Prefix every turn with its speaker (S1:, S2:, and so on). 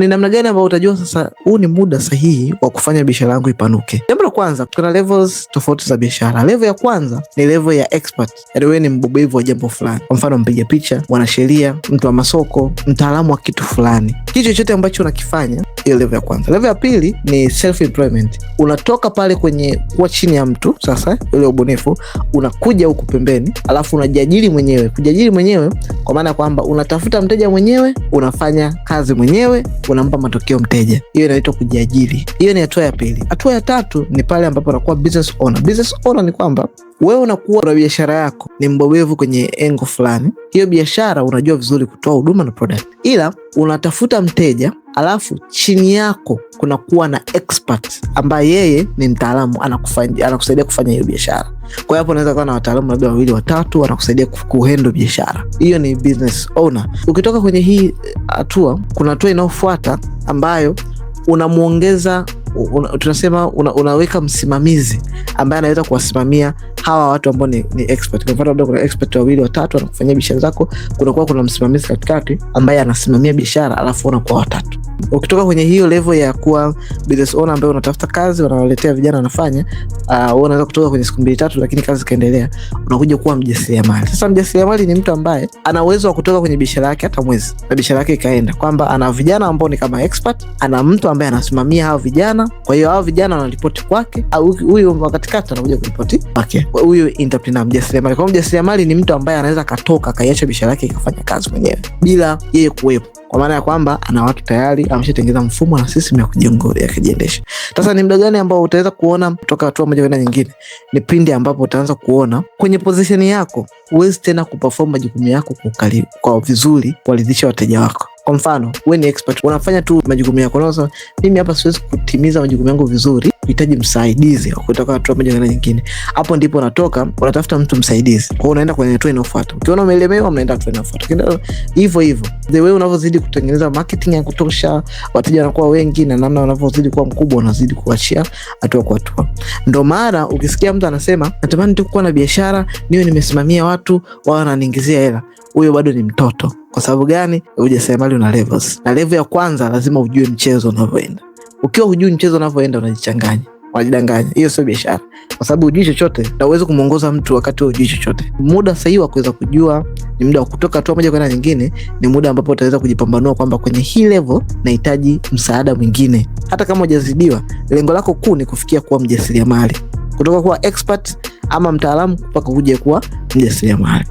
S1: Ni namna gani ambayo utajua sasa huu ni muda sahihi wa kufanya biashara yangu ipanuke? Jambo la kwanza, kuna levels tofauti za biashara. Level ya kwanza ni level ya expert, yaani wewe ni mbobevu wa jambo fulani, kwa mfano mpiga picha, mwanasheria, mtu wa masoko, mtaalamu wa kitu fulani. Kitu chochote ambacho unakifanya hiyo level ya kwanza. Level ya pili ni self employment. Unatoka pale kwenye kuwa chini ya mtu sasa, ule ubunifu, unakuja huku pembeni, alafu unajiajiri mwenyewe. Kujiajiri mwenyewe kwa maana ya kwamba unatafuta mteja mwenyewe, unafanya kazi mwenyewe, unampa matokeo mteja. Hiyo inaitwa kujiajiri. Hiyo ni hatua ya pili. Hatua ya tatu ni pale ambapo unakuwa business owner. Business owner ni kwamba wewe unakuwa na biashara yako, ni mbobevu kwenye engo fulani. Hiyo biashara unajua vizuri kutoa huduma na product, ila unatafuta mteja alafu chini yako kuna kuwa na expert ambaye yeye ni mtaalamu anakusaidia kufanya hiyo biashara. Kwa hiyo hapo unaweza kuwa na wataalamu labda wawili watatu wanakusaidia kuhendo biashara hiyo, ni business owner. Ukitoka kwenye hii eh, hatua, kuna hatua inayofuata ambayo unamwongeza una, tunasema una, unaweka msimamizi ambaye anaweza kuwasimamia hawa watu ambao ni, ni expert. Kwa mfano labda kuna expert wawili watatu wanakufanyia biashara zako, kunakuwa kuna msimamizi katikati ambaye anasimamia biashara, alafu unakuwa watatu. Ukitoka kwenye hiyo level ya kuwa business owner ambaye unatafuta kazi, wanawaletea vijana wanafanya, uh, unaweza kutoka kwenye siku mbili tatu, lakini kazi ikaendelea, unakuja kuwa mjasiriamali. Sasa mjasiriamali ni mtu ambaye ana uwezo wa kutoka kwenye biashara yake hata mwezi na biashara yake ikaenda, kwamba ana vijana ambao ni kama expert, ana mtu ambaye anasimamia hao vijana, kwa hiyo hao vijana wanaripoti kwake, au huyu wa katikati anakuja kuripoti kwake, huyu entrepreneur mjasiriamali. Kwa mjasiriamali ni mtu ambaye anaweza akatoka akaiacha biashara yake ikafanya kazi mwenyewe bila yeye kuwepo kwa maana ya kwamba ana watu tayari ameshatengeneza mfumo na system ya kujiendesha. Sasa ni muda gani ambao utaweza kuona kutoka hatua moja kwenda nyingine? Ni pindi ambapo utaanza kuona kwenye position yako huwezi tena kuperform majukumu yako kukali, kwa vizuri kuwaridhisha wateja wako. Kwa mfano wewe ni expert, unafanya tu majukumu yako, mimi hapa siwezi kutimiza majukumu yangu vizuri kuhitaji msaidizi wa kutoka hatua moja kwenda nyingine. Hapo ndipo unatoka unatafuta mtu msaidizi, kwa unaenda kwenye hatua inayofuata. Ukiona umelemewa, unaenda hatua inayofuata, hivyo hivyo. The way unavyozidi kutengeneza marketing ya kutosha, wateja wanakuwa wengi, na namna unavyozidi kuwa mkubwa, unazidi kuachia hatua kwa hatua. Ndo mara ukisikia mtu anasema natamani tu kuwa na biashara niwe nimesimamia watu wao wananiingizia hela, huyo bado ni mtoto. Kwa sababu gani? Ujasiriamali una levels, na level ya kwanza lazima ujue mchezo unavyoenda. Ukiwa hujui mchezo unavyoenda, unajichanganya, unajidanganya. Hiyo sio biashara, kwa sababu hujui chochote na uwezi kumwongoza mtu wakati hujui chochote. Muda sahihi wa kuweza kujua ni muda wa kutoka hatua moja kwenda nyingine, ni muda ambapo utaweza kujipambanua kwamba kwenye hii levo nahitaji msaada mwingine, hata kama ujazidiwa Lengo lako kuu ni kufikia kuwa mjasiriamali, kutoka kuwa expert ama mtaalamu mpaka kuja kuwa mjasiriamali.